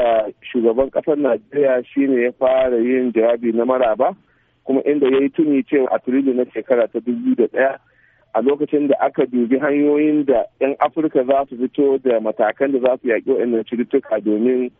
da shugaban kasar najeriya shine ya fara yin jawabi na maraba kuma inda ya yi tuni cewa a turidu na shekara ta dubu da ɗaya a lokacin da aka dubi hanyoyin da 'yan afirka za su fito da matakan da za su yaƙi waɗannan cututtuka domin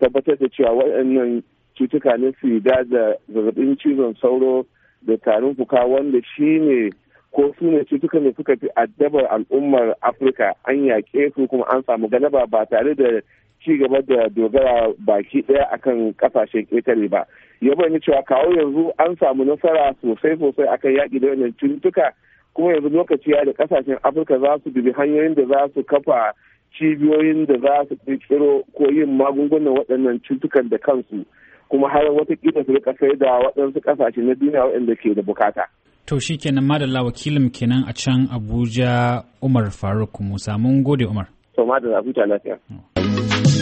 tabbatar da cewa waɗannan cutuka na su da zazzabin cizon sauro da tarin fuka wanda shi ne ko su ne cutukan da suka fi addabar al'ummar afirka an yaƙe su kuma an samu galaba ba tare da ci gaba da dogara baki ɗaya akan kasashen ƙetare ba ya bayyana cewa kawo yanzu an samu nasara sosai sosai akan yaƙi da wannan cututtuka kuma yanzu lokaci ya da ƙasashen afirka za su dubi hanyoyin da za su kafa cibiyoyin da za su ƙirƙiro ko yin magungunan waɗannan cututtukan da kansu kuma har watakila su rika sai da waɗansu ƙasashe na duniya waɗanda ke da bukata. To shi kenan madalla wakilin kenan a can Abuja Umar Faruk Musa gode Umar. To madalla huta lafiya.